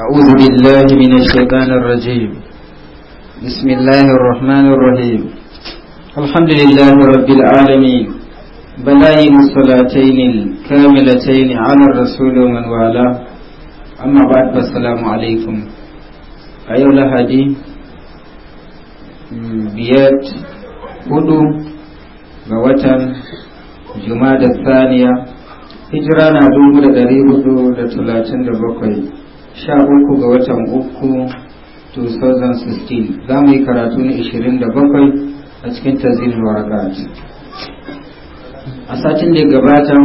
أعوذ بالله من الشيطان الرجيم بسم الله الرحمن الرحيم الحمد لله رب العالمين بلاين الصلاتين الكاملتين على الرسول ومن والاه أما بعد فالسلام عليكم أيها الهدي بيات هدو بوتن جماد الثانية هجرانا دوم dubu da لتلاتين hudu 13 ga watan uku 2016 za mu yi karatu na 27 a cikin tazin warakat a satin da ya gabata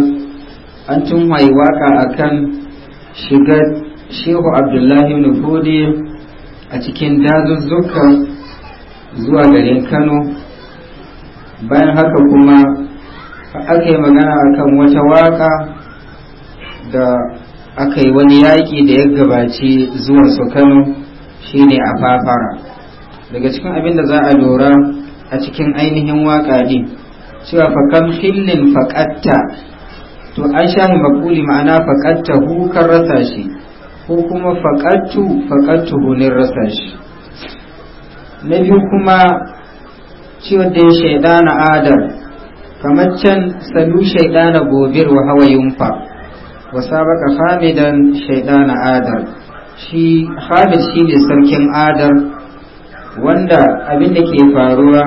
an tun mai waka akan shigar shehu abdullahi nufodi a cikin dazuzzuka zuwa garin kano bayan haka kuma aka yi magana akan wata waka da aka yi wani yaƙi da ya gabaci zuwa su kano ne a fafara daga cikin abin da za a lura a cikin ainihin waƙa ne cewa fakan hillin faƙatta to an sha ni makuli ma'ana faƙatta hukar rasa shi ko kuma faƙattu faƙattu hunin rasa shi na biyu kuma ciwon da shaidana adar kamar can salu na gobir wa hawa yunfa wa sabaka hamidan shaidana adar shi hamid shi ne sarkin adar wanda abin da ke faruwa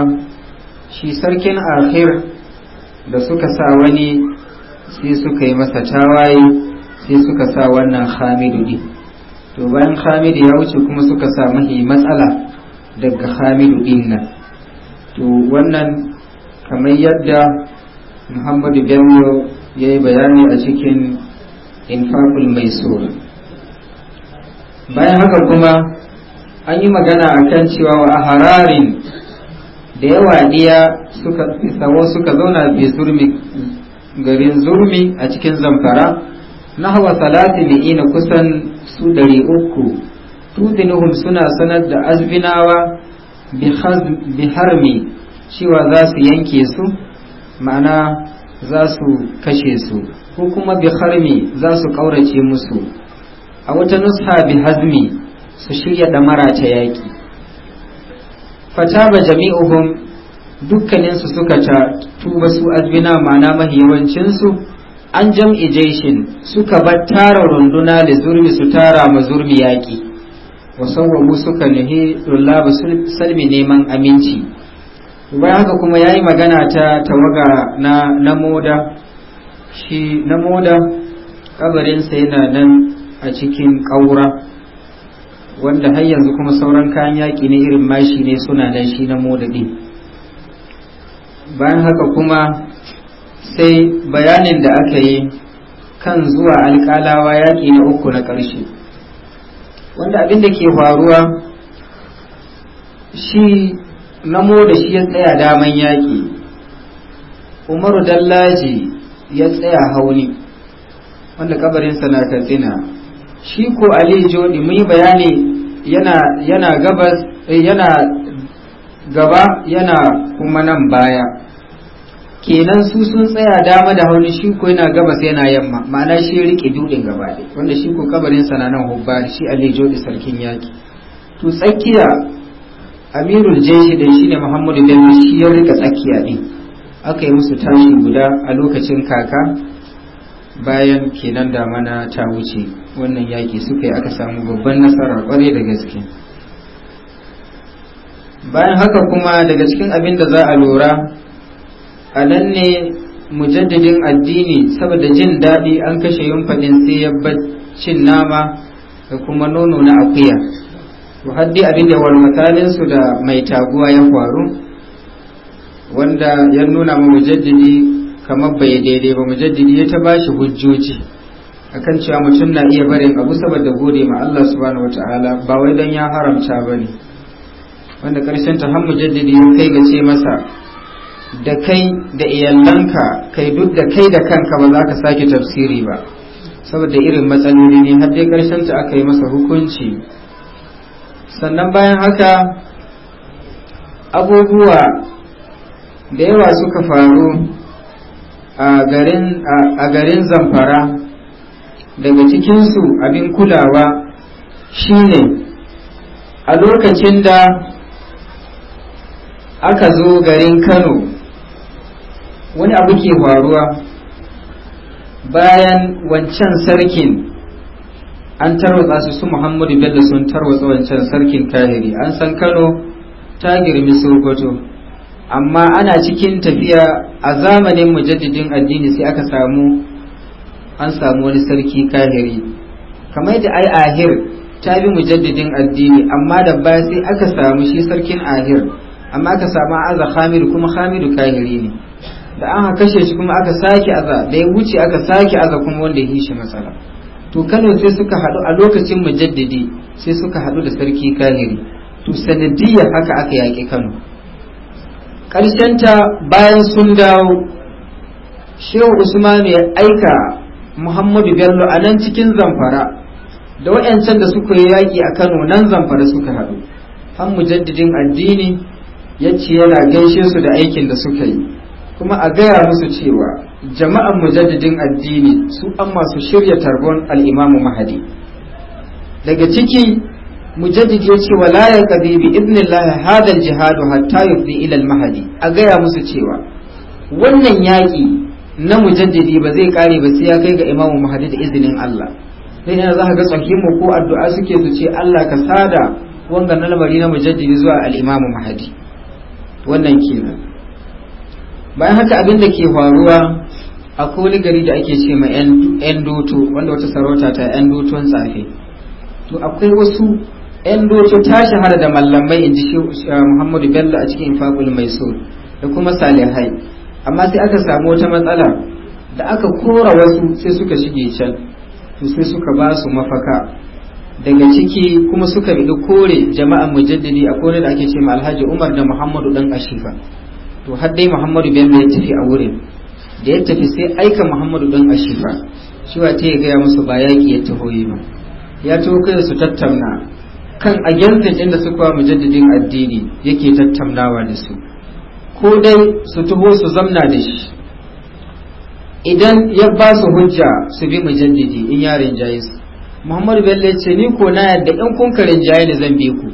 shi sarkin akhir da suka sa wani sai suka yi masa tawaye sai suka sa wannan hamidu ne to bayan hamidu ya wuce kuma suka sa mahi matsala daga hamidu din nan to wannan kamar yadda muhammadu bello ya yi bayani a cikin infaqul maisur bayan haka kuma an yi magana a kan cewa wa hararin da yawa diya suka tsawo suka zauna bi zurmi garin zurmi a cikin zamfara na hawa salati ina kusan su dari uku tudinuhum suna sanar da azbinawa bi harmi cewa za su yanke su ma'ana za su kashe su ko kuma bi harmi za su ƙaurace musu a wata nusha bi hazmi su shirya ɗamara ta yaƙi fataba jami'uhum dukkaninsu suka ta tuba su azbina ma'ana su an jam'i jeshin suka bar tara runduna da zurmi su tara ma zurmi yaƙi wasawwamu suka nuhi lullaba salmi neman aminci bayan haka kuma ya yi magana ta tawaga na namoda shi na moda kabarinsa yana nan a cikin ƙaura wanda har yanzu kuma sauran kayan yaƙi na irin mashi ne suna nan shi na moda ɗin bayan haka kuma sai bayanin da aka yi kan zuwa alƙalawa yaƙi na uku na ƙarshe wanda abin da ke faruwa shi na moda shi ya tsaya daman yaƙi umaru dallaji ya tsaya hauni wanda kabarinsa na katsina shi ko ali jodi mun yi bayani yana yana gabas eh, yana gaba yana kuma nan baya kenan su sun tsaya dama da hauni shi ko yana gabas yana yamma ma'ana shi ya rike dudin gaba wanda shi ko kabarin sa nan hubba shi ali jodi sarkin yaki to tsakiya amirul jeshi da ne muhammadu dan shi ya rika tsakiya din aka yi musu tashi guda a lokacin kaka bayan kenan damana ta wuce wannan yaki suka yi aka samu babban nasara kwarai da gaske bayan haka kuma daga cikin abin da za a lura a nan ne mujaddadin addini saboda jin daɗi an kashe yunfaɗin sai ya cin nama da kuma nono na akuya to haddi abin da warmakalinsu da mai taguwa ya faru wanda ya nuna ma mujaddidi kamar bai daidai ba mujaddidi ya ta bashi hujjoji akan cewa mutum na iya barin abu saboda gode ma Allah subhanahu wataala ba wai dan ya haramta bane wanda karshen ta har mujaddidi ya kai ga ce masa da kai da iyalanka kai duk da kai da kanka ba za ka sake tafsiri ba saboda irin matsaloli ne har dai karshen ta aka yi masa hukunci sannan bayan haka abubuwa da yawa suka faru a garin zamfara daga cikinsu abin kulawa shine a lokacin da aka zo garin kano wani abu ke faruwa bayan wancan sarkin an tarwatsa su su muhammadu bello sun tarwatsa wancan sarkin tahiri an san kano ta girmi sokoto amma ana cikin tafiya a zamanin mujaddidin addini sai aka samu an samu wani sarki kahiri kamar da ai ahir ta bi mujaddidin addini amma da ba sai aka samu shi sarkin ahir amma aka samu aza khamiru kuma khamidu kahiri ne da an kashe shi kuma aka sake aza da ya wuce aka sake aza kuma wanda ya shi matsala to kano sai suka haɗu a lokacin mujaddidi sai suka haɗu da sarki kahiri to sanadiyar haka aka yaƙi kano ta bayan sun dawo shehu usman ya aika muhammadu bello a nan cikin zamfara da wayancan da suka yi yaƙi a kano nan zamfara suka haɗu an mujaddidin addini ya ce yana gaishe su da aikin da suka yi kuma a gaya musu cewa jama'an mujaddidin addini su an masu shirya tarbon al'imamu mahadi daga ciki Mujaddidi ya ce wala ya kabi bi idnillahi hadal jihadu hatta yufdi ila al-mahdi a gaya musu cewa wannan yaƙi na mujaddidi ba zai kare ba sai ya kai ga imamu mahadi da izinin Allah sai ina za ga mu ko addu'a suke su ce Allah ka sada wanga na lamari na mujaddidi zuwa al-imamu mahadi wannan kenan bayan haka abin da ke faruwa a koli gari da ake ce ma yan doto wanda wata sarauta ta yan doton tsafe to akwai wasu yan doto ta shahara da mallamai in ji muhammadu bello a cikin fabul mai so da kuma salihai amma sai aka samu wata matsala da aka kora wasu sai suka shige can to sai suka ba su mafaka daga ciki kuma suka bi kore jama'an mujaddidi a kore da ake ce ma alhaji umar da muhammadu dan ashifa to har dai muhammadu bello ya tafi a wurin da ya tafi sai aika muhammadu dan ashifa shi wa ta ya gaya musu ba yaƙi ya taho yi ba ya taho kai su tattauna kan agentin inda su suka mujaddidin addini yake tattaunawa da su ko dai su tuho su zamna da shi idan ya ba su hujja su bi mujaddidi in ya rinjaye su muhammadu bello ya ce ni ko na yadda in kun ka rinjaye da zan bi ku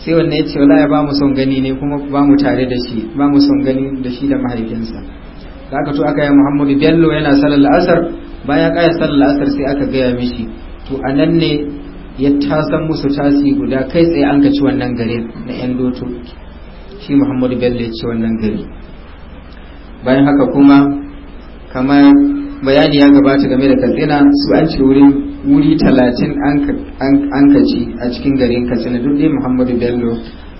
sai wanne ya ce wala ya ba mu son gani ne kuma ba mu tare da shi ba mu son gani da shi da mahaifinsa da aka to aka yi muhammadu bello yana salar la'asar bayan kaya salar la'asar sai aka gaya mishi to a nan ne ya tasan musu tasi guda kai tsaye an kaci wannan gari na 'yan doto shi muhammadu bello ya ci wannan gari bayan haka kuma kamar bayani ya gabata game da katsina su an ce wurin wuri talatin an kaci a cikin garin katsina duk dai muhammadu bello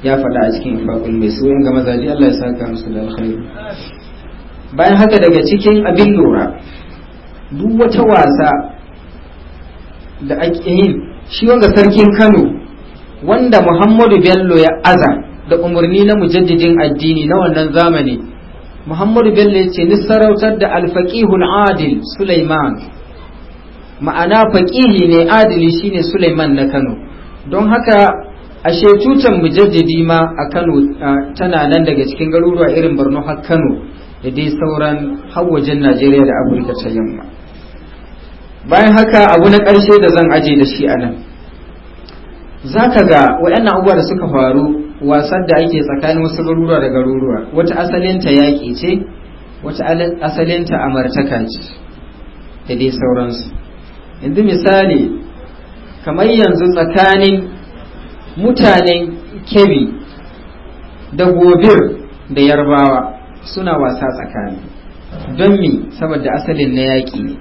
ya faɗa a cikin ifakul mai su ga mazaje allah ya sa ka musu da alkhairu bayan haka daga cikin abin lura duk wata wasa da ake yin shi wanda sarkin kano wanda muhammadu bello ya aza da umarni na mujaddidin addini na wannan zamani muhammadu bello ya ce ni sarautar da alfaƙihul adil suleiman ma'ana faƙihi ne adili shine suleiman na kano don haka ashe shetutan mujaddidi ma a kano tana nan daga cikin garuruwa irin barno har kano da dai sauran hawajen najeriya da afirka ta yamma bayan haka abu na ƙarshe da zan aje da shi a nan za ka ga waɗannan abubuwa da suka faru wasan da ake tsakanin wasu garuruwa da garuruwa wata asalinta yaƙi ce wata asalinta amartaka ce da dai sauransu yanzu misali kamar yanzu tsakanin mutanen kebi da gobir da yarbawa suna wasa tsakani don me saboda asalin na yaƙi ne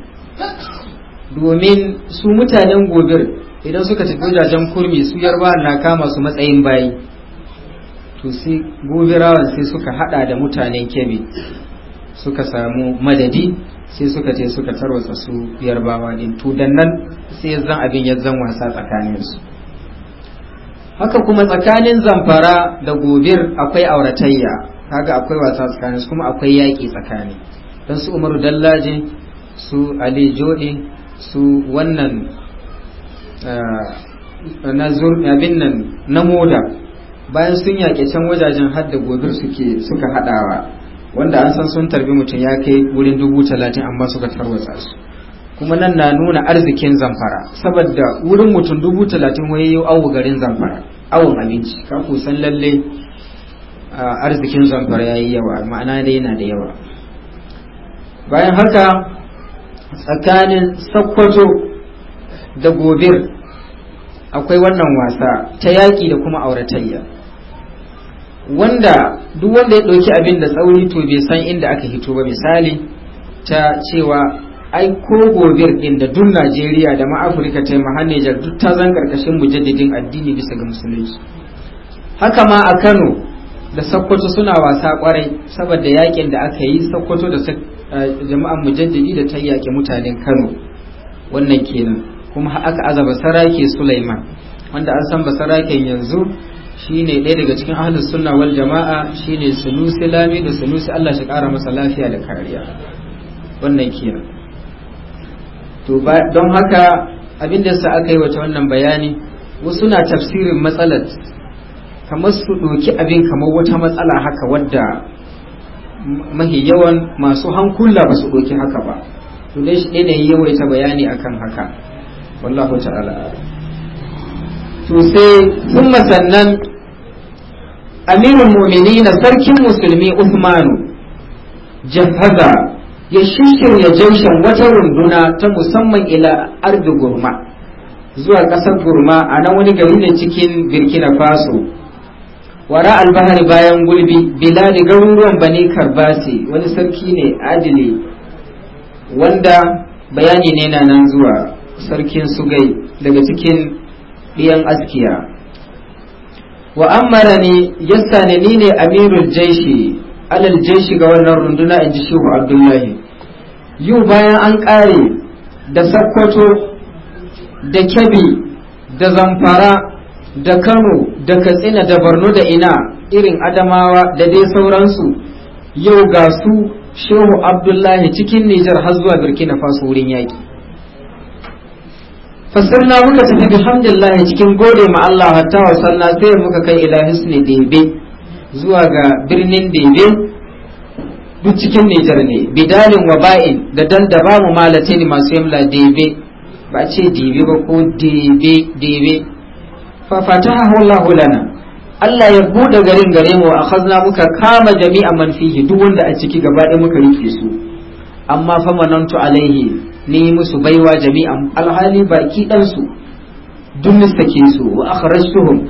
domin su mutanen gobir idan suka tafi wajajen kurmi su yarba na kama su matsayin bayi to sai gobirawan sai suka hada da mutanen kebe suka samu madadi sai suka ce suka tarwatsa su yarbawa din to dan nan sai zan abin ya zan wasa tsakaninsu haka kuma tsakanin zamfara da gobir akwai auratayya kaga akwai wasa tsakaninsu kuma akwai yaki tsakani don su umaru dallaje su ali Jodi. su wannan eh, na abin nan na moda bayan sun yaƙe can wajajen hadda gobir suke suka haɗawa wanda an san sun tarbi mutum ya kai wurin dubu talatin amma suka tarwatsa su kuma nan na nuna arzikin zamfara saboda wurin mutum dubu talatin waye yau awu garin zamfara awon abinci kafu san lalle arzikin zamfara ya yi yawa ma'ana dai yana da yawa bayan haka tsakanin sakkwato da gobir akwai wannan wasa ta yaƙi da kuma auratayya wanda duk wanda ya ɗauki abin da tsauri to bai san inda aka hito ba misali ta cewa ai ko gobir ɗin da duk najeriya da ma afirka ta yi duk ta zan ƙarƙashin mujaddidin addini bisa ga musulunci haka ma a kano da sakkwato suna wasa kwarai saboda yakin da aka yi sakkwato da jama'an mujaddidi da ta yaƙi mutanen kano wannan kenan kuma aka azaba sarake sulaiman wanda an san basaraken yanzu shine ɗaya daga cikin ahlus sunna wal jama'a shine sunusi lami da sunusi Allah shi ƙara masa lafiya da kariya wannan kenan to don haka abin da sa aka yi wata wannan bayani wasu na tafsirin matsalar kamar su ɗoki abin kamar wata matsala haka wadda mahi yawan masu hankula ba su ɗauki haka ba to dai shi ne yawaita bayani akan haka wallahu ta'ala to sai kuma sannan amirul na sarkin musulmi usmanu jahaza ya ya jaushen wata runduna ta musamman ila ardu gurma zuwa ƙasar gurma a nan wani gari ne cikin birkina faso wara albahari bayan gulbi biladi garuruwan bani karbasi wani sarki ne adili wanda bayani ne na nan zuwa sarkin sugai daga cikin ɗiyan askiya wa ne yassa ne ni ne amirul jaishi alal ga wannan runduna in ji shehu abdullahi yau bayan an ƙare da Sakkoto da kyabi da zamfara da kano da katsina da borno da ina irin adamawa da dai sauransu yau ga su shehu abdullahi cikin nijar har zuwa burkina faso wurin yaƙi fassarna muka tafi alhamdulillahi cikin gode ma Allah hatta sai muka kai ila hisni debe zuwa ga birnin debe duk cikin nijar ne bidalin wa ba'in da dan da ba mu malatin masu yamla debe ba ce debe ba ko debe debe fa fatahahu Allah lana Allah ya bude garin gare mu a khazna muka kama jami'a man fihi duk wanda a ciki gaba ɗaya muka rike su amma fa manantu alaihi ni musu baiwa jami'an alhali baki dan su duk mistake su wa akhrajtuhum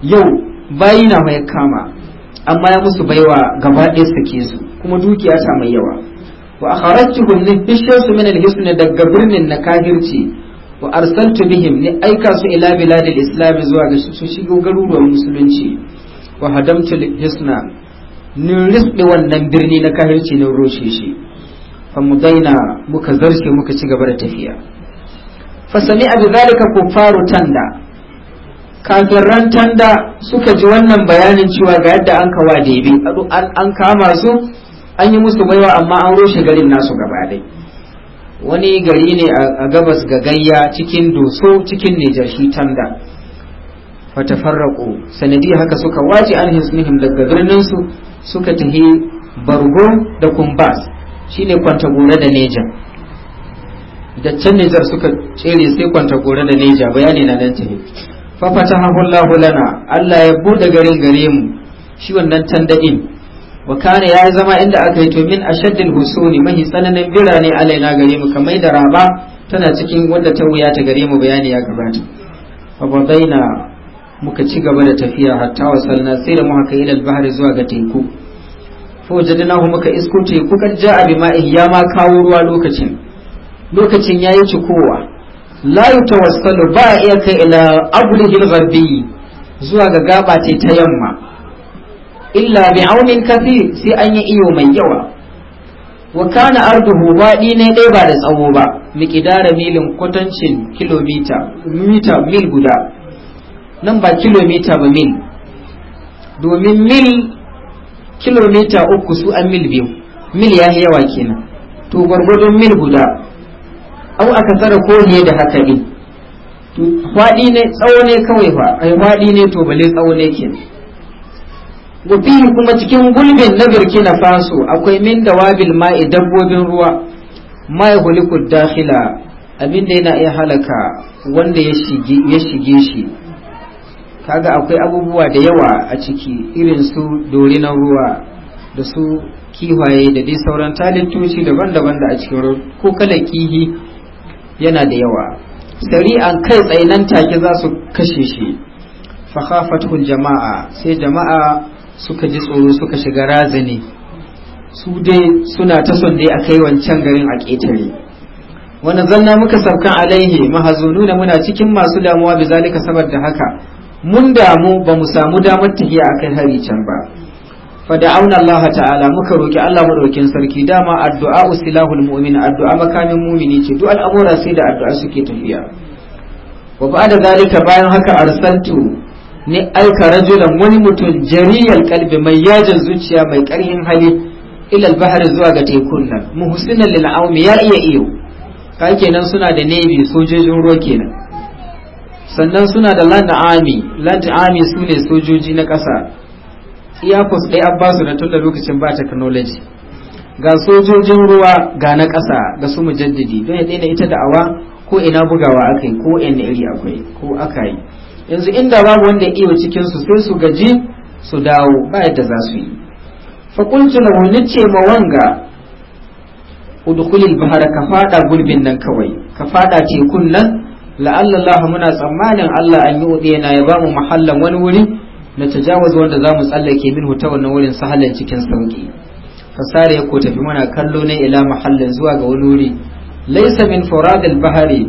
yau bayina mai kama amma ya musu baiwa gaba ɗaya sake su kuma dukiya ta mai yawa wa akhrajtuhum ni fishe su min alhisna daga birnin na kahirci wa arsaltu bihim ni aika su ila biladil islam zuwa ga su shigo garuruwan musulunci wa hadamtu hisna ni risbi wannan birni na kahirci na roshe shi fa mu daina muka zarce muka ci gaba da tafiya fa sami'a bi zalika kuffaru tanda kafiran tanda suka ji wannan bayanin cewa ga yadda an kawa debe an kama su an yi musu baiwa amma an roshe garin nasu gaba dai wani gari ne a gabas ga gayya cikin doso cikin shi tanda farraƙo sanadiyar haka suka wace an hismihim daga birninsu suka tahi bargo da kumbas shine kwanta gore da neja da can nijar suka tsere sai kwanta gore da neja bayani na nan tahi fafata hahullahu lana allah ya bude garin gare mu shi wannan tandadin wa kana ya zama inda aka yi to min ashaddil husuni mahi tsananin birane alaina gare mu kamar da raba tana cikin wanda ta wuya ta gare mu bayani ya gabata fa muka ci gaba da tafiya hatta wasalna sai da muka kai bahari zuwa ga teku fa hu muka isko teku kan ja'a bi ma'ihi ya ma kawo ruwa lokacin lokacin yayi cikowa la yutawassalu ba iya kai ila abulihil gharbi zuwa ga gaba ta yamma illa bi aunin kafi sai an yi iyo mai yawa wa kana arduhu baɗi ne ɗaya ba da tsawo ba miƙidara milin kwatancin kilomita mita mil guda nan ba kilomita ba mil domin mil kilomita uku su an mil biyu mil ya yawa kenan to gwargwadon mil guda au aka tsara ko ne da haka ne faɗi ne tsawo ne kawai fa ai faɗi ne to bale tsawo ne kenan wafi kuma cikin gulbin na burkina faso akwai min wabil ma'i dabbobin ruwa mai hulikul dakhila abinda yana iya halaka wanda ya shige shi kaga akwai abubuwa da yawa a ciki irin su na ruwa da su kiwaye da dai sauran talittoci daban-daban da a cikin ko kala kihi yana da yawa an kai tsaye nan take za su kashe shi fahafatul jama'a sai jama'a suka ji tsoro suka shiga razani su dai suna ta son dai a kai wancan garin a ƙetare wani zanna muka sarkan alaihi mahazunu muna cikin masu damuwa bi zalika da haka mun damu ba mu samu damar tafiya akai hari can ba fa da auna Allah ta'ala muka roki Allah madaukin sarki dama addu'a usilahul mu'min addu'a makamin mu'mini ce duk al'amura sai da addu'a suke tafiya wa da zalika bayan haka arsaltu ni aika rajulan wani mutum jariyar kalbi mai yajin zuciya mai karhin hali ilal bahar zuwa ga tekun nan muhsinan lil aumi ya iya iyo ka kenan suna da navy sojojin ruwa kenan sannan suna da land army land army su sojoji na ƙasa iyakos ɗaya an basu na tun da lokacin ba technology ga sojojin ruwa ga na kasa ga su mujaddidi don ya daina ita da'awa ko ina bugawa akai ko ina iri akwai ko aka yanzu inda babu wanda ya iya cikin su sai su gaji su dawo ba yadda za su yi fa qultu wani ce ma wanga udkhulil bahara ka fada gulbin nan kawai ka fada tekun nan la'alla muna tsammanin Allah an yi na ya ba mu mahallan wani wuri na tajawaz wanda za mu tsallake min ta wannan wurin sahalan cikin sauki fasare ko tafi muna kallo ne ila mahallin zuwa ga wani wuri laysa min furadil bahari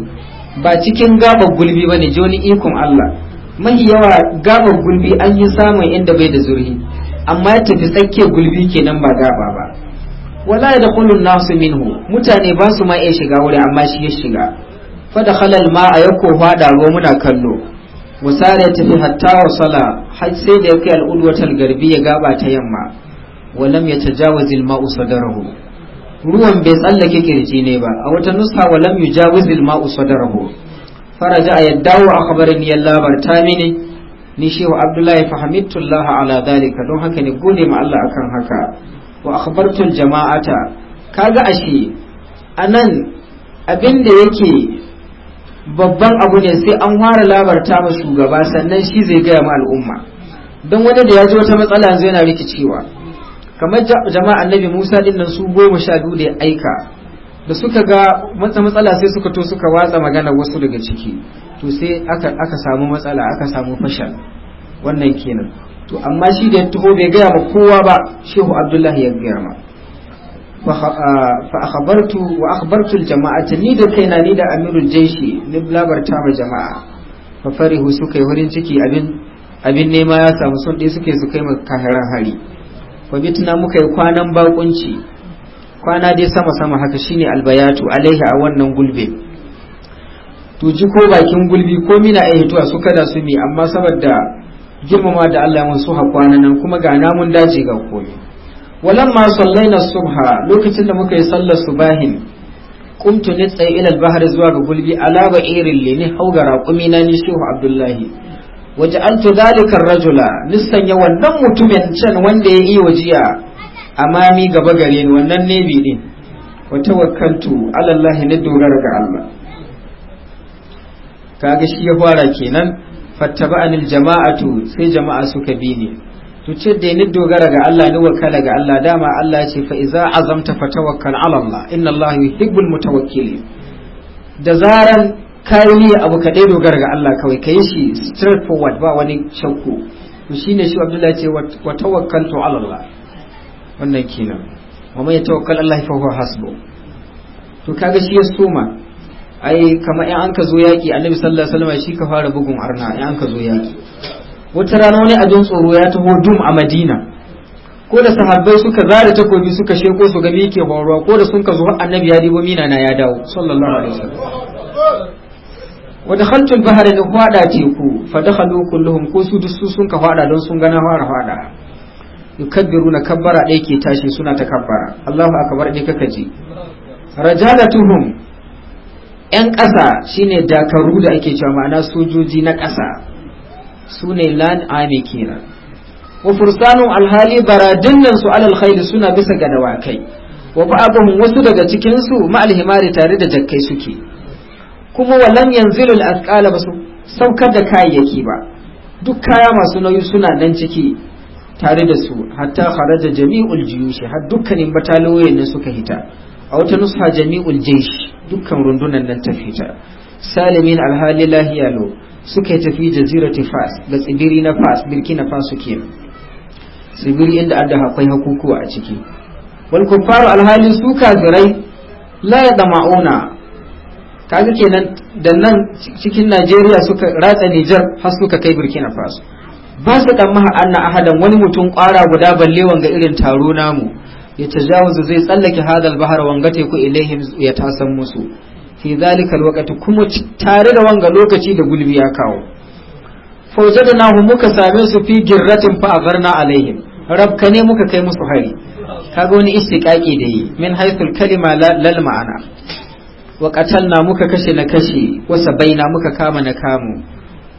ba cikin gabar gulbi bane joni ikon Allah mahi yawa gaban gulbi an yi samun inda bai da zurhi amma ya tafi tsakke gulbi kenan ba gaba ba wala da kulun nasu minhu mutane ba su ma shiga wuri amma shi ya shiga fada halal ma a yako fada ruwa muna kallo wasare ya tafi hatta wasala har sai da ya kai al'ulwatar garbi ya gaba ta yamma walam ya tajawazil ma'u sadarahu ruwan bai tsallake kirji ne ba a wata nusa walam ya yujawizil ma'u sadarahu faraja a dawo a kabarin ya labarta mini ni shehu abdullahi fahimitullah ala dalika don haka ne gode ma Allah akan haka wa akhbartul jama'ata kaga ashe anan abin da yake babban abu ne sai an fara labarta ma shugaba sannan shi zai gaya ma al'umma don wani da ya ji wata matsala yanzu yana rikicewa kamar jama'a annabi musa din nan su goma sha biyu da ya aika da suka ga matsa matsala sai suka to suka watsa magana wasu daga ciki to sai aka aka samu matsala aka samu fashal wannan kenan to amma shi da ya taho bai gaya ma kowa ba shehu abdullahi ya gaya ma fa akhbartu wa akhbartu aljama'ata ni da kaina ni da amirul jaishi ni labarta ma jama'a fa farihu suka yi wurin ciki abin nema ya samu sun suke su kai ma kahiran hari fa bitna muka yi kwanan bakunci kwana dai sama sama haka shine albayatu alaiha a wannan gulbe to ji ko bakin gulbi ko mina ai hituwa suka da su mi amma saboda girmama da Allah ya su hakwana nan kuma ga namun dace ga koyi ma sallaina subha lokacin da muka yi sallar subahin kuntu ni tsaye ila albahar zuwa ga gulbi ala ba irin li ni hau ga raƙumi na ni shehu abdullahi waje an rajula nisan ya wannan mutumin can wanda ya iya wajiya amami gaba gare ni wannan bi din wa tawakkaltu ala Allah na dogara ga Allah kaga shi ya fara kenan fattaba'anil jama'atu sai jama'a suka bi ni to ce da ni dogara ga Allah ni wakala ga Allah dama Allah ya ce fa iza azamta fatawakkal ala Allah inna Allah yuhibbul mutawakkilin da zaran kayi abu ka dai dogara ga Allah kawai kai shi straight forward ba wani shakku to shine shi Abdullahi ce wa tawakkaltu ala Allah wannan kenan wa mai tawakkal Allah fa huwa hasbu to kaga shi ya soma ai kama in an ka zo yaki annabi sallallahu alaihi wasallam shi ka fara bugun arna in an ka zo yaki wata rana wani abin tsoro ya taho dum a madina ko da sahabbai suka zara takobi suka sheko su ga me yake faruwa ko da sun ka zo annabi ya dibo mina na ya dawo sallallahu alaihi wasallam wa dakhaltu al-bahra li hwada teku fa dakhalu kulluhum ko su duk sun ka hwada don sun gana fara hwada yukabbiruna kabbara ɗaya ke tashi suna ta kabbara Allahu akbar ɗaya kaka ji rajalatuhum yan ƙasa shine dakaru da ake cewa ma'ana sojoji na ƙasa su ne land kenan wa fursanu alhali nan su alal khayl suna bisa ga dawakai wa ba'dhum wasu daga cikin su ma'al himari tare da jakkai suke kuma walam yanzilul asqala basu saukar da kayayyaki ba duk kaya masu nauyi suna nan ciki tare da su hatta kharaja jami'ul jiyush har dukkanin bataloyin nan suka hita a wata nusha jami'ul jaysh dukkan rundunan nan ta fita salimin alhali lahiyalo suka tafi jaziratu fas da tsibiri na fas birkina faso kenan tsibiri inda adda akwai hakukuwa a ciki wal kuffaru alhali su kafirai la ya dama'una kaga kenan da nan cikin Najeriya suka ratsa Nijar har suka kai Burkina Faso ba su dan maha anna ahadan wani mutum kwara guda balle wanga irin taro namu ya tajawuzu zai tsallake hadal bahar wanga teku ilaihim ya tasan musu fi zalika waqti kuma tare da wanga lokaci da gulbi ya kawo faujadnahu muka same su fi girratin fa na alaihim rabka ne muka kai musu hari kaga wani istiqaqi da yi min haythul kalima lal ma'ana wa qatalna muka kashe na kashe wasa na muka kama na kamu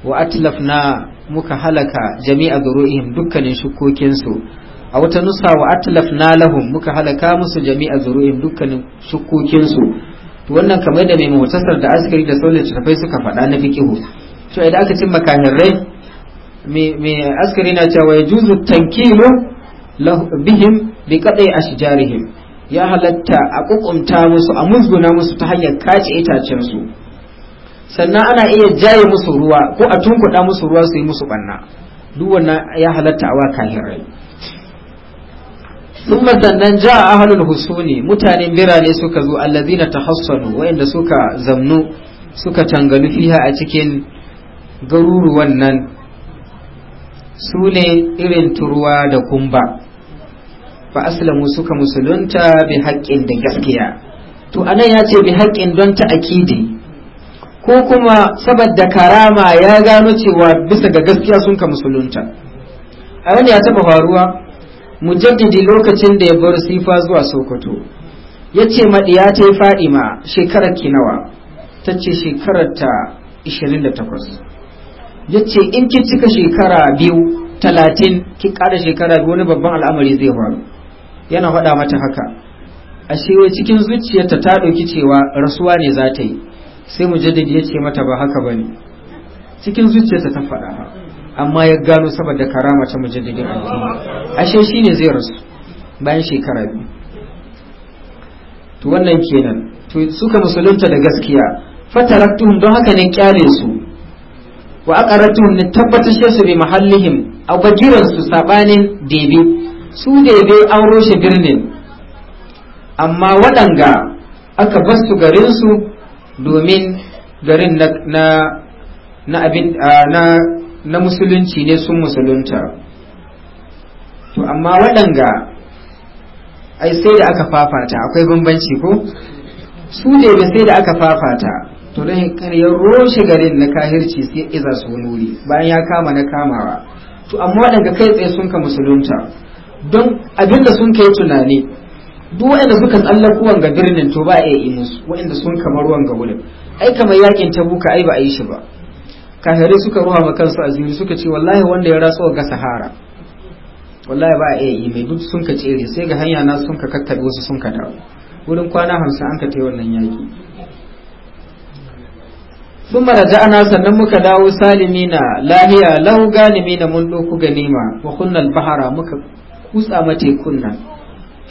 wa na. muka halaka jami'a zuru'ihim dukkanin shukokinsu a wata nusa wa atlafna lahum muka halaka musu jami'a zuru'ihim dukkanin shukokinsu to wannan kamar da mai mutasar da askari da ta tafai suka faɗa na fiqihu to idan aka cin makahirai mai askari na cewa ya juzu tankilu bihim bi kadai ashjarihim ya halatta a kukumta musu a musguna musu ta hanyar kace itacensu su sannan ana iya jaye musu ruwa ko a tunkuɗa musu ruwa su yi musu ɓanna duk wannan ya halatta awa rai thumma sannan ja ahlul husuni mutanen birane suka zo allazina tahassanu wayanda suka zamnu suka tangalu fiha a cikin garuruwan nan su ne irin turuwa da kumba fa aslamu suka musulunta bi haƙƙin da gaskiya to anan ya ce bi haƙƙin don ta akidi ko kuma saboda karama ya gano cewa bisa ga gaskiya sun ka musulunta a wani ya taba faruwa mujaddidi lokacin da ya bar sifa zuwa sokoto ya ce maɗiya ta yi ma shekarar Kinawa ta ce shekarar ta 28 ya ce in ki cika shekara biyu talatin ki ƙara shekara biyu wani babban al'amari zai faru yana faɗa mata haka ashe cikin zuciyarta ta ɗauki cewa rasuwa ne za ta yi sai mujaddid ya ce mata ba haka bane cikin zuciyarta ta faɗa amma ya gano saboda karama ta mujaddidin al'umma ashe shine zai rasu bayan shekara biyu to wannan kenan to suka musulunta da gaskiya fataraktuhum don haka ne kyale su wa aqaratuhum ne tabbatar su bi mahallihim a bagiran su sabanin debe su debe an roshe birnin amma waɗanga aka su garin su domin garin na na abin na na musulunci ne sun musulunta to amma waɗanga ai sai da aka fafata akwai bambanci ko su ne ba sai da aka fafata to dai kan ya roshe garin na kahirci sai iza su wuri bayan ya kama na kamawa to amma waɗanga kai tsaye sun ka musulunta don abinda sun kai tunani duk waɗanda suka tsallaku wanga birnin to ba a yi musu waɗanda sun kamar wanga wurin ai kamar yakin ta buka ai ba a yi shi ba kafirai suka ruwa ma kansu azumi suka ce wallahi wanda ya ratsuwa ga sahara wallahi ba a iya yi mai duk sun ka tsere sai ga hanya na sun ka kakkabe wasu sun ka dawo wurin kwana hamsin an ka tai wannan yaki sun ana sannan muka dawo salimina lahiya lahu na mun doku ganima wa kunnal bahara muka kutsa mace kunnan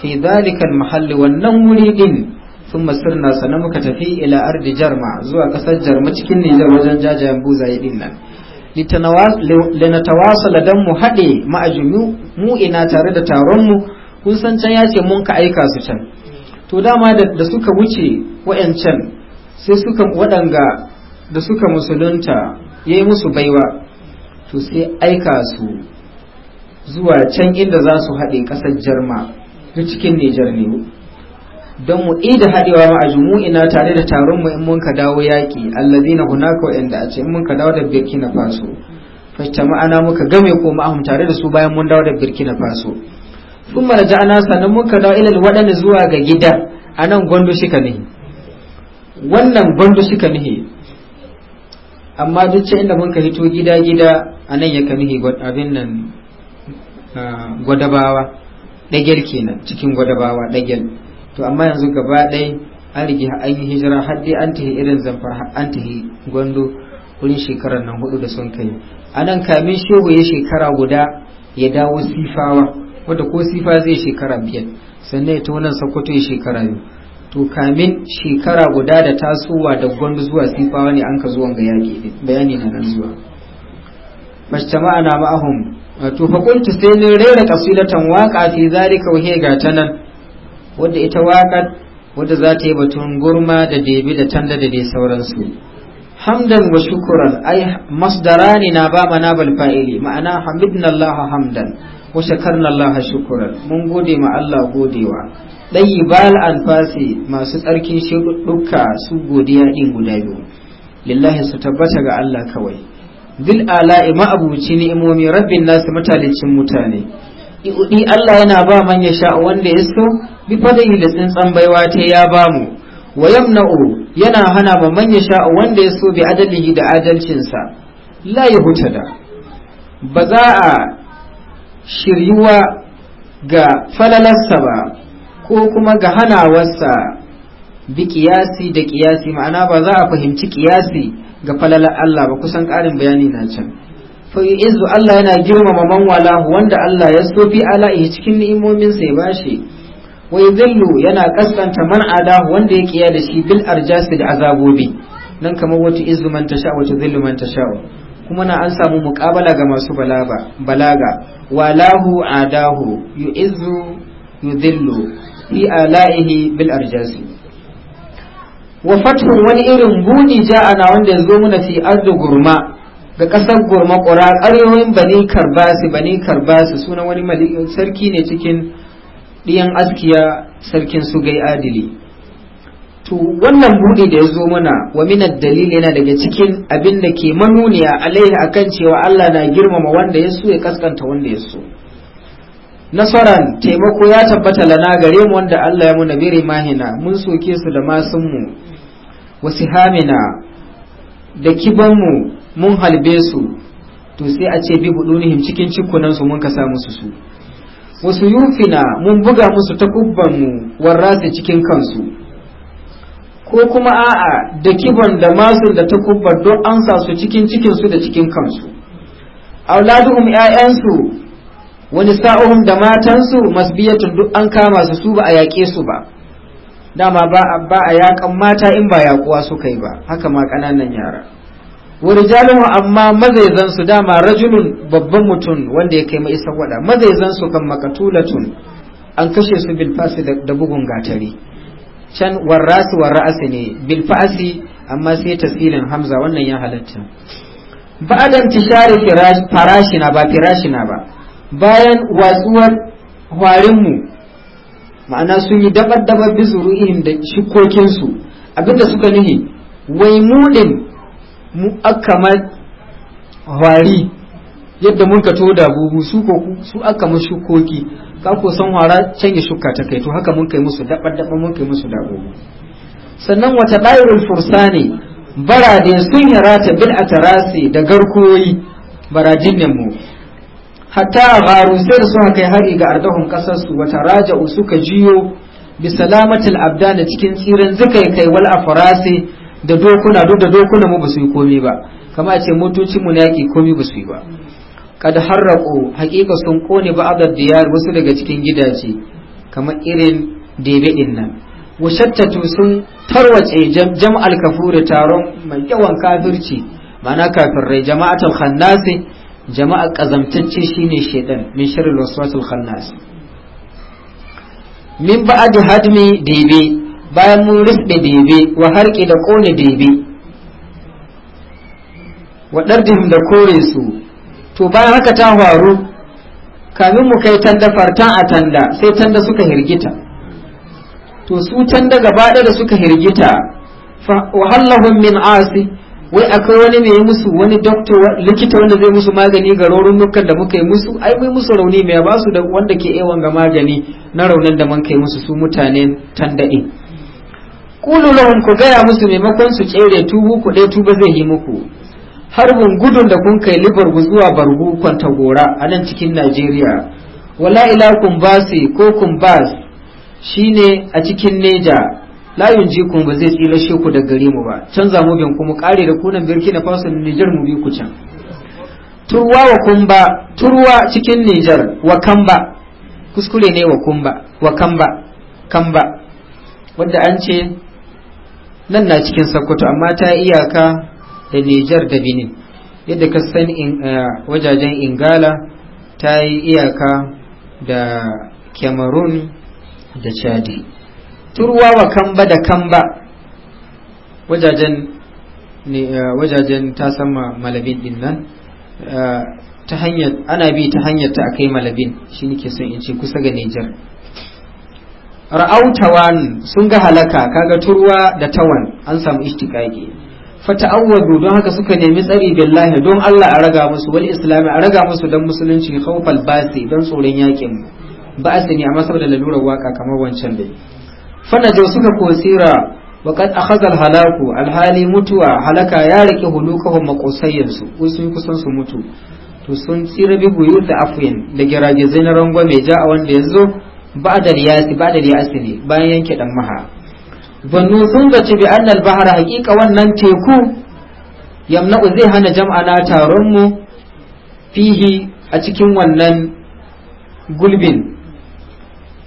fi dalikan mahalli wannan wuri din sun masirna sanan muka tafi ila ardi jarma zuwa kasar jarma cikin Nijar wajen jajayen buzaye din nan linatawasala dan mu haɗe ma'ajumi mu ina tare da taron mu kun san can ya ce mun ka aika su can to dama da suka wuce wayancan sai suka waɗanga da suka musulunta ya yi musu baiwa to sai aika su zuwa can inda za su haɗe ƙasar jarma na cikin Nijar ne don mu da haɗewa ma a ina tare da taron mu in mun ka dawo yaƙi na hunaka wa'anda a ce in mun ka dawo da Burkina Faso fashta ma'ana muka game ko ma'ahum tare da su bayan mun dawo da Burkina Faso kun maraja ana sannan ka dawo ilal waɗanda zuwa ga gida a nan gwando shika ne wannan gwando shika ne amma duk ce inda ka hito gida gida a nan ya ka nihi abin nan ah, gwadabawa ɗagel kenan cikin gwadabawa ɗagel to amma yanzu gaba ɗai an rige an yi hijira har dai an tahi irin zamfar an tahi gwando wurin shekarar nan hudu da sun kai anan kamin shehu ya shekara guda ya dawo sifawa wadda ko sifa zai shekara biyar sannan ta wannan sokoto ya shekara biyu to kamin shekara guda da tasowa da gwando zuwa sifawa ne an ka zuwan ga yaƙi bayani na nan zuwa majtama'a na ma'ahun to fa qultu sai ni rera qasidatan waqa fi zalika wa hiya ta nan wadda ita waka wadda za ta yi batun gurma da debi da tanda da dai sauransu hamdan wa shukuran ay masdarani na ba mana bal fa'ili ma'ana hamidna Allah hamdan wa shakarna Allah shukuran mun gode ma Allah godewa dai bal anfasi masu tsarkin dukka su godiya din guda biyu lillahi su tabbata ga Allah kawai bil ala'i ma'abuci ni'imomi rabbin nasu matalicin mutane iudi Allah yana ba manya ya sha wanda ya so bi fadai da tsintsan baiwa ta ya ba mu wa yamna'u yana hana ma manya ya sha wanda ya so bi adalihi da adalcinsa la da. ba za a shiryuwa ga falalarsa ba ko kuma ga hanawarsa bi kiyasi da kiyasi ma'ana ba za a fahimci kiyasi ga falalar Allah ba kusan ƙarin bayani na can fa yu'izzu Allah yana girmama man walahu wanda Allah ya so fi ala'i cikin ni'imomin sa ya shi wai Zillu yana kaskanta man adahu wanda ya kiya da shi bil arjasi da azabobi nan kamar wata izzu man tasha wata Zillu man tasha kuma na an samu muƙabala ga masu balaga balaga walahu adahu yu'izzu yudhillu fi ala'ihi bil arjasi wa wani irin buɗi ana wanda ya zo muna fi ardu gurma ga ƙasar gurma ƙura ƙaryoyin bani karbasi bani karbasi suna wani sarki ne cikin ɗiyan askiya sarkin su gai adili to wannan buɗi da ya zo mana wa minar dalili yana daga cikin abin da ke manuniya alaihi akan cewa Allah na girmama wanda ya so ya kaskanta wanda ya so nasaran taimako ya tabbata lana gare mu wanda Allah ya muna bire mahina mun soke su da masunmu wasu hamina da kibanmu mun halbe su to sai a ce bi buɗunihim cikin cikunansu mun kasa musu su wasu yufina mun buga musu ta mu warrasa cikin kansu ko kuma a'a da kibon da masu da ta kubbar don an sa su cikin cikinsu da cikin kansu auladuhum 'ya'yansu wani sa'uhum da matansu masbiyatun duk an kama su su ba a yaƙe su ba dama ba a yakan mata in ba yakuwa suka yi ba haka ma kananan yara warijalin amma mazaizan su dama rajulun babban mutum wanda ya kai mai isa wada mazaizan su kan makatulatun an kashe su fasi da bugun gatari can warrasu warra'asi ne bilfasi amma sai tasirin hamza wannan ya halatta ba ba'adan share farashina ba firashina ba bayan watsuwar hwarinmu ma'ana sun yi dabar dabar zuru'ihim da shikokinsu abinda suka nuhi wai munin mu akamar hwari yadda mun ka to da su ko su aka mu shukoki ka ko san hwara canye shuka ta kai to haka mun kai musu dabar dabar mun kai musu da sannan wata dairul fursani barade sun yarata bil atarasi da garkoyi barajin mu hatta gharu sai da suka kai hari ga ardahun kasar su wata raja suka jiyo bi salamatil abdan cikin tsiran zikai kai wal afrasi da dokuna duk da dokuna mu basu yi komai ba kama a ce motocin mu yaki komai basu yi ba kada harraqu haqiqa sun kone adad diyar wasu daga cikin gidaje kamar irin debe nan Washattatu sun tarwace jam'al kafuri taron mai yawan kafirci ma'ana kafirai jama'atul khannasi jama'a kazamtacce shine shedan min sharril waswasul khannas min ba'di hadmi dibi bayan mun rufe dibi wa harki da kone dibi wa dardihim da kore su to bayan haka ta faru kamin mu kai tanda fartan a tanda sai tanda suka hirgita to su tanda gaba da suka hirgita wa hallahum min asi wai akwai wani ne ya musu wani doctor likita wanda zai musu magani ga nukan da muka yi musu ai mai musu rauni mai ba su da wanda ke ewan ga magani na raunin da muka yi musu su mutane tandaɗe kulu lahum ku gaya musu maimakon su tsere tubu ku ɗaya tuba zai yi muku harbin gudun da kun kai libargu zuwa bargu kwanta gora a nan cikin najeriya wala ila kumbasi ko kumbas shine a cikin neja la kun ba zai tsira shi ku daga gare mu ba canza mu bin kuma kare da kunan birkina na da Niger mu bi ku can turwa wa kumba turwa cikin Niger wa kamba kuskure ne wa kumba wa kamba kamba wanda an ce nan na cikin Sokoto amma ta iyaka da Niger da Benin yadda ka san eh, wajajen Ingala ta yi iyaka da Cameroon da Chadi turwa wa kamba da kamba wajajen eh, wajajen ta sama malabin din nan eh, ta hanyar ana bi ta hanyar ta kai malabin shi ne ke son in ce kusa ga Nijar ra'autawan sun ga halaka kaga turwa da tawan an samu fata fata'awwadu don haka suka nemi tsari billahi don Allah a raga musu wal islami a raga musu don musulunci khawfal basi don tsoron yakin ba sani amma saboda lalurar waka kamar wancan dai fanajo suka kosira wa kad akhazal halaku alhali mutuwa halaka ya rike hulukahum maqusayan su sun kusan su mutu to sun tsira bi buyu da afyan da giragizai na rangwame ja a wanda ya ba'da riyasi ba'da riyasi ne bayan yanke dan maha bannu sun zaci bi annal bahara haqiqa wannan teku yamna'u zai hana na taron mu fihi a cikin wannan gulbin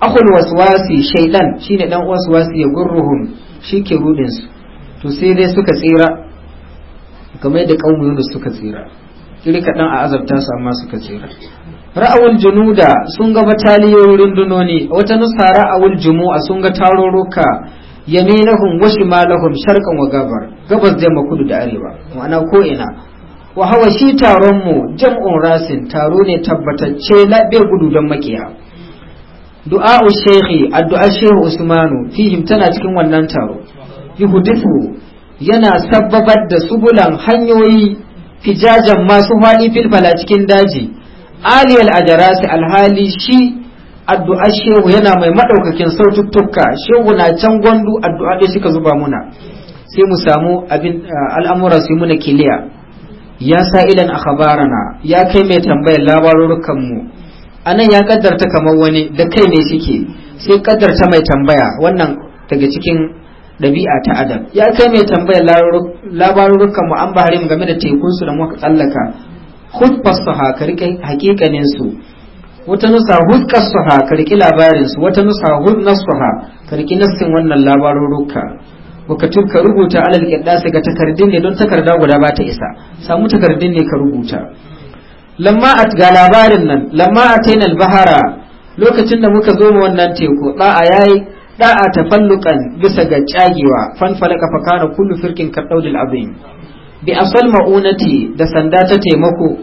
akhul waswasi shaytan shine dan waswasi ya gurruhum shi ke rudin su to sai dai suka tsira kamar da kaumu Yunus suka tsira kiri dan a azabta su amma suka tsira ra'awul junuda sun ga bataliyoyin rundunoni wata nusa ra'awul jumu'a sun ga tarurruka yaminahum wa shimalahum sharqan wa gabar gabas da makudu da arewa ma'ana ko ina wa hawa shi taron mu jam'un rasin taro ne tabbatacce labe gudu don makiya Dua shaykhi addu'a shehu usmanu fihim tana cikin wannan taro yuhdithu yana sababar da subulan hanyoyi fijajan masu faɗi filfala cikin daji aliyal ajarasi alhali shi addu'a shehu yana mai maɗaukakin saututtuka shehu na can gwandu addu'a ɗaya suka zuba muna sai mu samu abin uh, al'amura yi muna kiliya ya sa ilan akhbarana ya kai mai tambayar labarurkan mu anan ya kaddarta kamar wani da kai ne shike sai kaddarta mai tambaya wannan daga cikin dabi'a ta adam ya kai mai tambaya labarurukan mu an baharim game da tekunsu da muka tsallaka hutfas su ha hakikanin su wata nusa huskas su ha karki labarin su wata nusa hurnas su ha karki nassin wannan labarurruka baka ka rubuta alal kidda sai ga takardin ne don takarda guda ba ta isa samu takardin ne ka rubuta lamma a ga labarin nan lamma a al-bahara lokacin da muka zo mu wannan teku da'a yayi da'a tafalluqan bisa ga cagewa fan falaka fa kana kullu ka daudil azim bi asal ma'unati da sanda ta taimako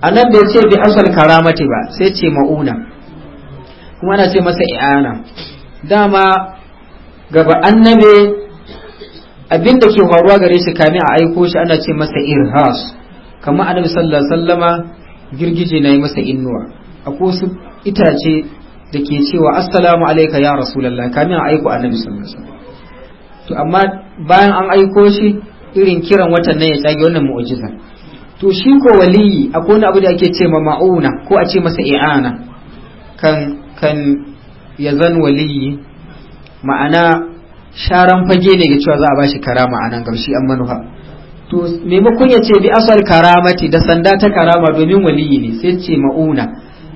anan bai ce bi asal karamati ba sai ce ma'una kuma ana ce masa i'ana dama gaba annabe abinda ke faruwa gare shi kamin a aiko shi ana ce masa irhas kamar annabi sallallahu alaihi wasallama girgije na yi masa innuwa akwai wasu itace da ke cewa assalamu alayka ya rasulallah kamin a aiko annabi sallallahu alaihi wasallam to amma bayan an aiko shi irin kiran watan nan ya tsage wannan mu'jiza to shi ko waliyi akwai wani abu da ake ce ma ma'una ko a ce masa i'ana kan kan ya zan waliyi ma'ana sharan fage ne ga cewa za a bashi karama anan gamshi an manufa to maimakon ya ce bi asal karamati da sanda ta karama domin waliyi ne sai ce ma'una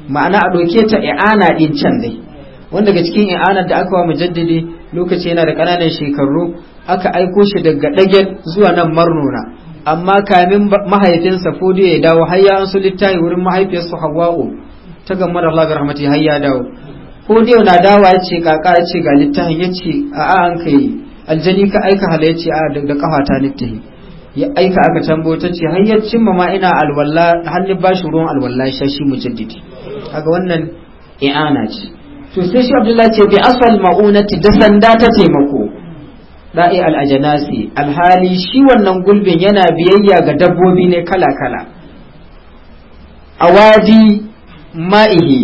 ma'ana a ɗauke ta i'ana ɗin can dai wanda daga cikin i'anar da aka wa mujaddidi lokaci yana da ƙananan shekaru aka aiko shi daga ɗagen zuwa nan marnona amma kamin mahaifinsa ko ya dawo har ya su littafi wurin mahaifiyarsu hawa'u ta gammar Allah bi rahmati har ya dawo ko na dawa ya ce kaka ya ce ga littafin ya ce a'a an kai aljani ka aika hala ya ce a da kafa ta littafi ya aika aka tambo ta ce har ya cimma ma ina alwalla har ba shi ruwan alwalla sha shi mujaddidi kaga wannan i'ana ce to sai shi abdullahi ce bi asal ma'unati da sanda ta taimako da'i al-ajanasi alhali shi wannan gulbin yana biyayya ga dabbobi ne kala kala awadi ma'ihi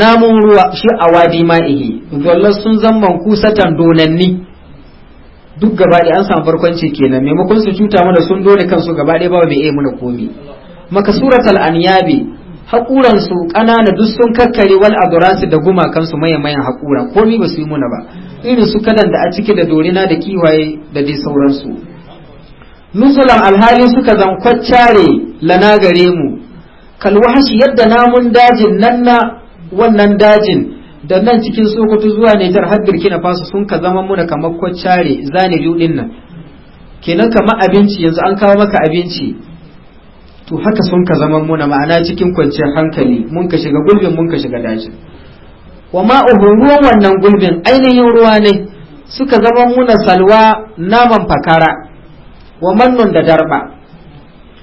namun ruwa shi awadi ma'ihi dole sun zama kusatan donanni duk gaba ɗaya an samu barkwanci kenan maimakon su cuta mana sun dole kansu gaba ɗaya ba mai iya muna komi makasuratul anyabi haƙuran su ƙanana duk sun kakkare wal aduransu da gumakan su maye mayan haƙura komi ba su yi muna ba irin su kadan da a ciki da dorina da kiwaye da dai sauransu nuzulan alhali suka zan kwaccare lana gare mu kalwashi yadda namun dajin nan na wannan dajin da nan cikin sokoto zuwa nijar har burkina faso sun ka zama muna kamar kwacare zane biyu din nan kenan kamar abinci yanzu an kawo maka abinci to haka sun ka zama muna ma'ana cikin kwanciyar hankali mun ka shiga gulbin mun ka shiga dajin wa ma ruwan wannan gulbin ainihin ruwa ne suka zama muna salwa naman fakara wa mannun da darba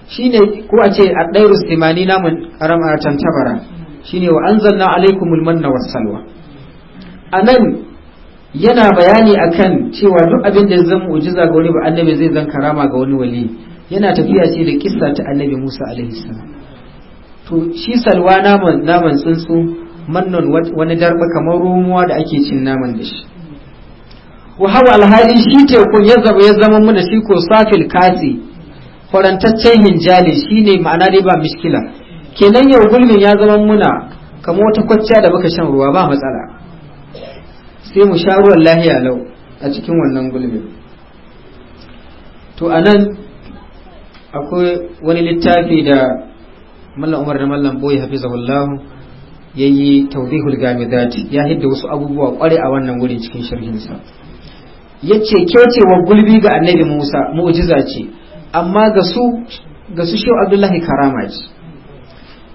shine ko a ce a ɗairus simani namun karama tantabara shine wa anzalna alaikumul manna was-salwa anan yana bayani akan cewa duk abin da ya zama mu'jiza ga wani ba annabi zai zan karama ga wani wali yana tafiya ce da kissa ta annabi Musa alaihi salam to shi salwa naman naman tsuntsu mannon wani darba kamar romuwa da ake cin naman da shi wa hawa alhali shi tekun ya zaba ya zama muna shi ko safil katsi farantaccen hinjali shine ma'ana dai ba miskila kenan yau gulbin ya zama muna kamar wata kwacciya da muka shan ruwa ba matsala sai mu sha ruwan lahiya lau a cikin wannan gulbin to a nan akwai wani littafi da mallam umar da mallam boye hafizahullahu ya yi tawdihul gamidati ya hidda wasu abubuwa kware a wannan wurin cikin shirhinsa. ya ce wa gulbi ga annabi musa mu'jiza ce amma ga su shi abdullahi karama ce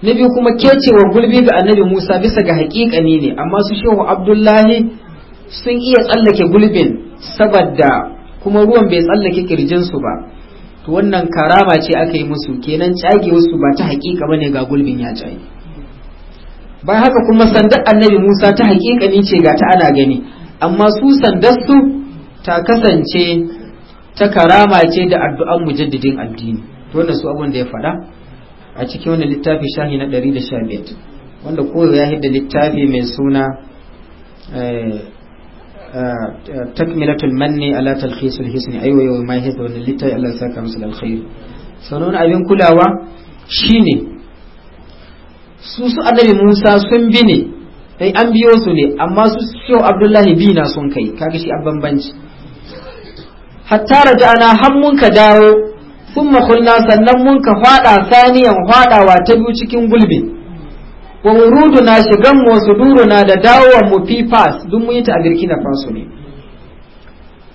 na biyu kuma kecewar gulbi ga annabi Musa bisa ga haƙiƙani ne amma su shehu Abdullahi sun iya tsallake gulbin saboda kuma ruwan bai tsallake kirjinsu ba to wannan karama ce aka yi musu kenan cage wasu ba ta haƙiƙa bane ga gulbin ya cage ba haka kuma sandar annabi Musa ta haƙiƙani ce ga ta ana gani amma su sandar su ta kasance ta karama ce da addu'an mujaddidin addini to wannan su abin da ya faɗa a cikin wani littafi shahi na da 115 wanda koyo ya hidda littafi mai suna eh, eh, takmilatul manni ala talkhisul hisni aiwa mai hidda wani littafi Allah saka musu da abin kulawa shine su su annabi Musa sun bi ne ai eh, an biyo su ne amma su yau Abdullahi bi na sun kai kaga shi a bambanci hatta raja'ana har mun ka dawo sun kulna sannan mun ka fada saniyan fadawa ta biyu cikin gulbi wa wurudu na shigan mu duru na da dawowar mu fi pass duk mun yi ta a na Faso ne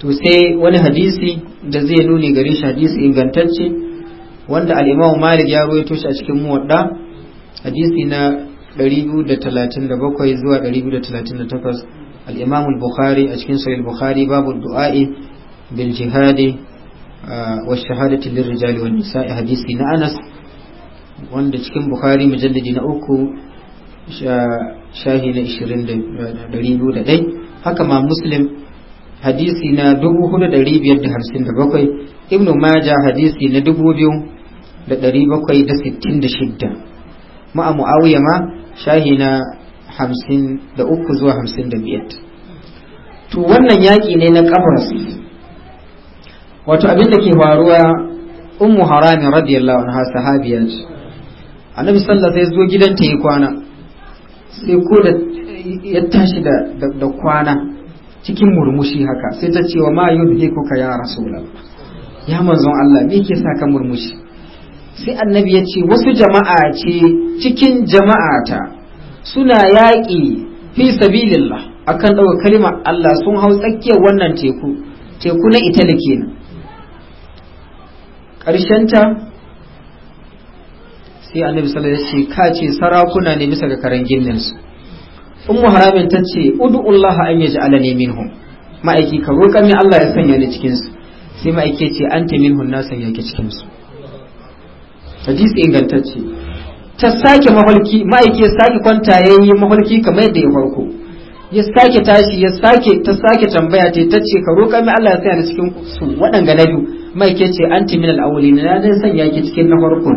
to sai wani hadisi da zai nuni gare shi hadisi ingantacce wanda al-Imam Malik ya rawaito shi a cikin muwadda hadisi na 237 zuwa 238 al-Imam al-Bukhari a cikin sahih al-Bukhari babu du'a'i bil jihadi والشهادة للرجال والنساء حديثي أنس wanda cikin Buhari mujalladi na uku shahi na ishirin da ɗai haka ma muslim hadisi na dubu hudu da biyar da hamsin da bakwai ibnu maja hadisi na dubu biyu da ɗari bakwai da sittin da shidda ma'a mu'awiya shahi na hamsin da uku zuwa hamsin da biyar to wannan yaƙi ne na ƙabras wato abin da ke faruwa ummu harami radiyallahu anha sahabiya ce annabi sallallahu alaihi zo gidanta yi kwana sai ko da ya tashi da da kwana cikin murmushi haka sai ta ce wa ma ka ya rasulullah ya manzon Allah me yake sa murmushi sai annabi ya ce wasu jama'a ce cikin jama'ata suna yaƙi fi sabilillah akan ɗaga kalimar Allah sun hau tsakiyar wannan teku teku na Italy kenan ta sai annabi sallallahu alaihi ce ka ce sarakuna ne bisa ga karen gimnin su ummu haramin ta ce ud'ullaha an yaj'alani minhum ma'aiki ka roƙa min Allah ya sanya ni cikin su sai ma'aiki ce anta minhum na sanya ki cikin su hadisi ingantacce ta sake maholki ma'aiki ya sake kwanta yayi maholki kamar yadda ya farko ya sake tashi ya sake ta sake tambaya ta ta ce ka roƙa mi Allah ya sanya cikin su waɗanga na biyu mai ke ce anti min al-awwalin na dai sanya ki cikin na farko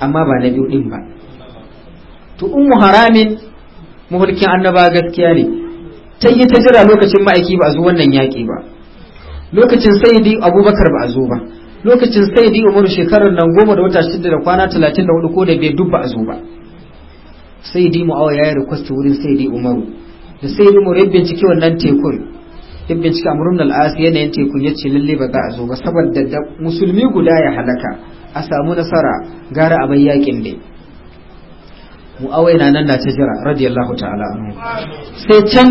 amma ba na biyu din ba to ummu haramin muhulkin annaba gaskiya ne ta yi ta jira lokacin ma'aiki ba a zo wannan yaƙi ba lokacin sayyidi abubakar ba a zo ba lokacin sayyidi Umaru shekarar nan goma da wata shida da kwana talatin da hudu ko da biyar duk ba a zo ba sai di ya yi request wurin sai di umaru da sai di umaru ya bincike wannan tekun ya bincike amrun al'as yanayin tekun ya ce lalle ba za a zo ba saboda da musulmi guda ya halaka a samu nasara gara a bai yakin dai mu'awai na nan na ta jira radiyallahu ta'ala anhu sai can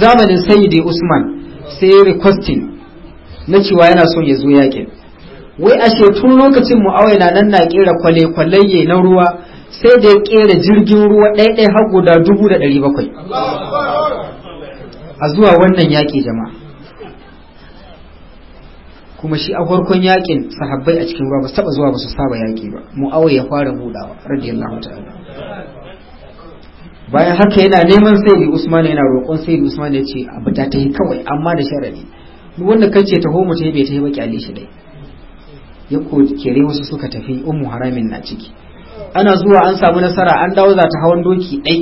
zamanin sayyidi usman sai ya requesting na cewa yana son ya zo yakin wai ashe tun lokacin mu'awai na nan na kera kwale kwalayye na ruwa sai da ya kera jirgin ruwa ɗaiɗai har guda dubu da ɗari bakwai a zuwa wannan yaƙi jama'a kuma shi a farkon yaƙin sahabbai a cikin ruwa ba taɓa zuwa ba su saba yaƙi ba mu'awai ya fara budawa radiyallahu ta'ala bayan haka yana neman sayyidi usman yana roƙon sayyidi usman ya ce abu ta ta yi kawai amma da sharadi wanda taho ce taho yi bai ta yi baƙi Ali shi dai ya kere wasu suka tafi ummu haramin na ciki ana zuwa an samu nasara an dawo za ta hawan doki ɗai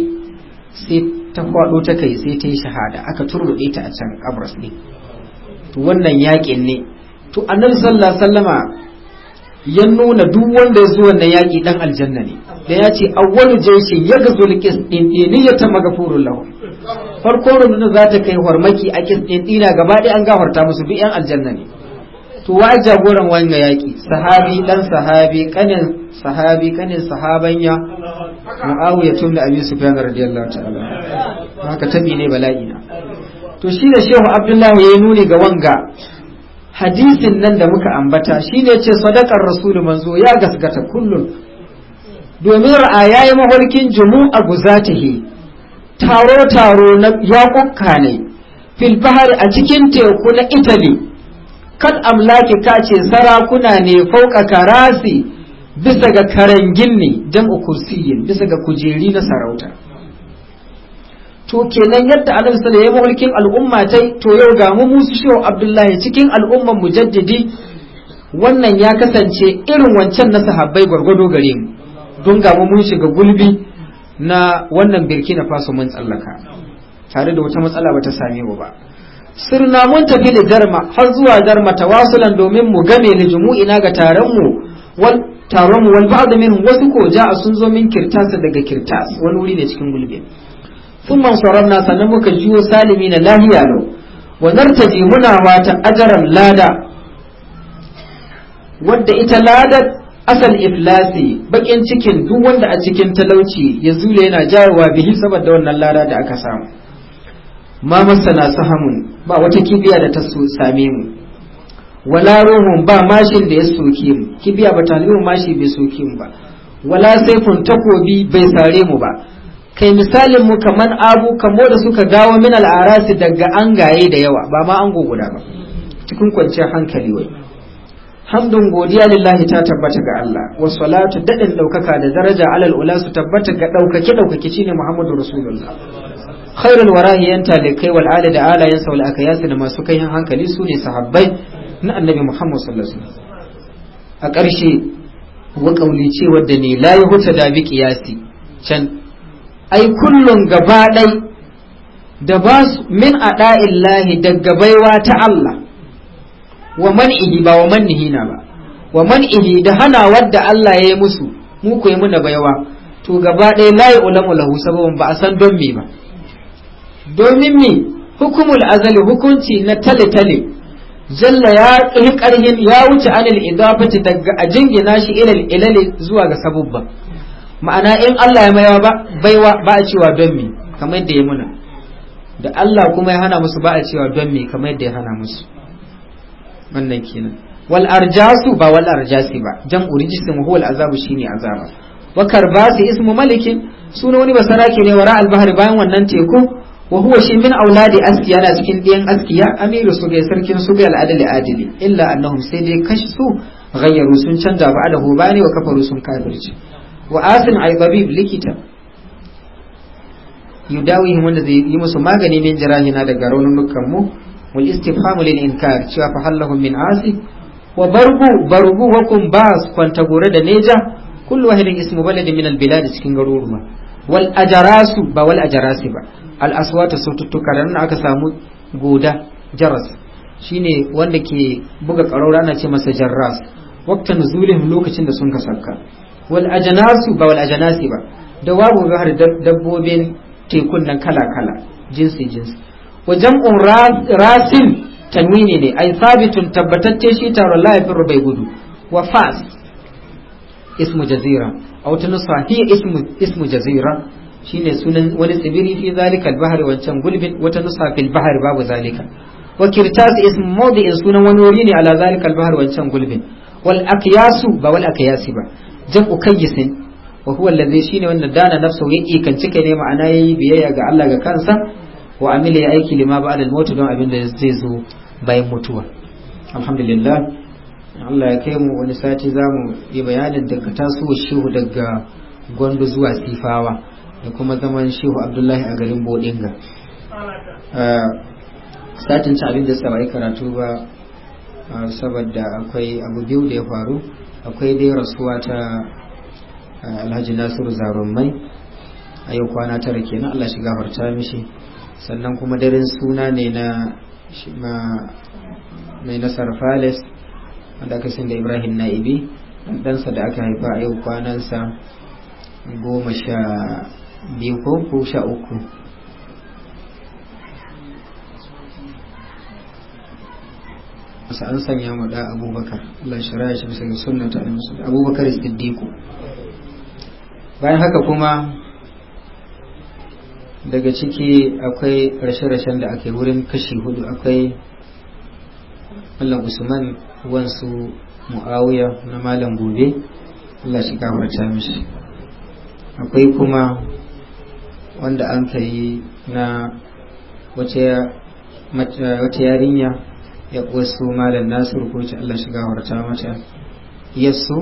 sai ta kwaɗo ta kai sai ta yi shahada aka turbuɗe ta a can kabras ne to wannan yaƙin ne to annabi sallallahu sallama ya nuna duk wanda ya zo wannan yaƙi ɗan aljanna ne da ya ce awwalu jaishin ya ga zulqis din din ya ta magafurul lahu farko rundunar za ta kai hormaki a kis din dina gaba ɗaya an gafarta musu duk yan aljanna ne to wa jagoran wanga yaki sahabi dan sahabi kanin sahabi kanin sahabanya muawiya tun da abi sufyan radiyallahu ta'ala haka tabi ne bala'i na to shi da shehu abdullahi ya nuni ga wanga hadisin nan da muka ambata shi yace sadakar rasulu manzo ya gasgata kullum domin ra'a yayi mahulkin jumu'a guzatihi taro taro na yakukka ne fil a cikin teku na Italy kan amlaki ka ce sarakuna ne fauka karasi bisa ga karangin ne dan kursiyin bisa ga kujeri na sarauta to kenan yadda annabi sallallahu alaihi mulkin al'umma tai to yau ga mu musu shehu abdullahi cikin al'ummar mujaddidi wannan ya kasance irin wancan na sahabbai gwargwado gare mu don ga mu mun shiga gulbi na wannan birki na faso mun tsallaka tare da wata matsala ba ta same mu ba sirna mun tafi da darma har zuwa darma tawasulan domin mu game li jumu'ina ga taron mu wal taron mu wal ba'd minhum wasu ko a sun zo min kirtasa daga kirtas wani wuri ne cikin gulbe sun man sarabna sanan muka jiyo salimi na lahiya lau wa nartaji muna wata ajaran lada wadda ita lada asal iflasi bakin cikin duk wanda a cikin talauci ya zule yana jarowa bihi saboda wannan lada da aka samu ma masana sahamun ba wata kibiya da ta same mu wala ruhun ba mashin da ya soke mu kibiya ba ta mashi bai soke mu ba wala saifun takobi bai sare mu ba kai misalin mu kamar abu kamo da suka dawo min al'arasi daga an gaye da yawa ba ma an guda ba cikin kwanciyar hankali wai hamdun godiya lillahi ta tabbata ga Allah wa salatu dadin ɗaukaka da daraja alal su tabbata ga daukake daukake shine Muhammadu Rasulullah khairul warahiyan talikai wal ali da alayansa wal akayansa da masu kai hankali su ne sahabbai na annabi muhammad sallallahu alaihi wasallam a ƙarshe wa kauli ce wadda ne la yuhta da bi qiyasi can ai kullun gaba dai da ba su min ada'illahi daga baiwa ta Allah wa man'ihi ba wa manihina ba wa man'ihi da hana wadda Allah ya yi musu mu ku yi muna baiwa to gaba ɗaya layi ulamu lahu sababin ba a san don me ba domin mi hukumul azali hukunci na tale-tale jalla ya yi ƙarhin ya wuce anil idafati daga a jingina shi ilal ilali zuwa ga sabubba ma'ana in Allah ya maiwa ba baiwa ba a cewa don mi kamar yadda ya muna da Allah kuma ya hana musu ba a cewa don mi kamar yadda ya hana musu wannan kenan wal arjasu ba wal arjasi ba jam urijisin huwal azabu shine azaba wa karbasi ismu malikin sunan wani ke ne wara al bahri bayan wannan teku wa huwa shi min auladi askiya na cikin diyan askiya amiru su bai sarkin su bai al'adali adili illa annahum sai dai kashi su ghayyaru sun canza ba da hubani wa kafaru sun kafirci wa Asin aibabi likita yudawihim wanda zai yi musu magani min na daga raunin raunukan mu wal istifhamu lil inkar cewa fa hallahum min asi wa barbu barbu wa kun bas kwanta gore da neja kullu wahidin ismu baladi min al bilad cikin garuruwa wal ajarasu ba wal ajarasi ba al'aswata saututtuka da nan aka samu goda jaras shine wanda ke buga ƙaraura ana ce masa jarras waktan zulihim lokacin da sun ka sakka wal ajanasu ba wal ajanasi ba da wabu har dabbobin tekun nan kala kala jinsi jinsi Wajen un rasin tanwini ne ai sabitun tabbatacce shi taron laifin rubai gudu wa fas ismu jazira a wata nusa hiya ismu jazira shine sunan wani tsibiri fi zalikal bahar wancan gulbin wata nusa fil bahar babu zalika wa kirtas ism in sunan wani wuri ne ala zalikal bahar wancan gulbin wal aqyasu ba wal aqyasi ba jam'u kayyisin wa huwa alladhi shine wanda dana nafsu yake kan cike ne ma'ana yayi biyayya ga Allah ga kansa wa amila ya aiki lima ba al don abin da zai zo bayan mutuwa alhamdulillah Allah ya kai mu wani sati zamu yi bayanin daga tasowa shehu daga gwandu zuwa sifawa da kuma zaman shehu abdullahi a garin bodinga ah, satin ci abin da sa yi karatu ba ah, saboda akwai abu biyu da ya faru akwai dai rasuwa ta ah, alhaji nasiru mai a yau kwana tara kenan allah shiga gafarta mishi sannan kuma daren suna ne na mai nasar fales wanda aka da ibrahim na'ibi ɗansa da aka haifa a yau kwanansa goma sha biyu ko ko sha uku masu an sanya mu da abubakar Allah shirya shi bisa ga sunna ta musu abubakar siddiqu bayan haka kuma daga ciki akwai rashe-rashen da aka yi wurin kashi hudu akwai Allah Usman wansu Muawiya na Malam Gobe Allah shi gafarta mishi akwai kuma wanda an yi na wata yarinya ya wasu malam nasiru ko ce Allah shiga warta mata yasu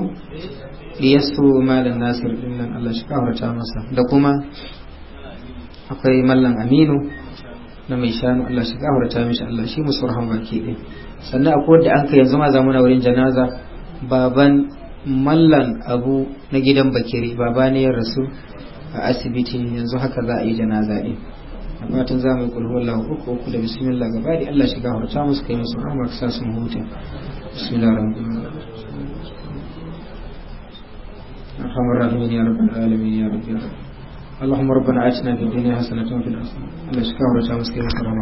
yasu malam nasiru din nan Allah shiga warta masa da kuma akwai mallan aminu na mai shanu Allah shiga warta mishi Allah shi musu rahama baki din sannan akwai wanda an kai yanzu ma zamuna wurin janaza baban mallan abu na gidan bakiri baba ne ya rasu a asibiti yanzu haka za a yi janaza ɗin a fatan za mu yi kulhu Allah uku uku da bismillah gaba da Allah shiga horta musu kai musu amma ka sa su huta bismillahir ya alamin ya rabbi اللهم ربنا في الدنيا وفي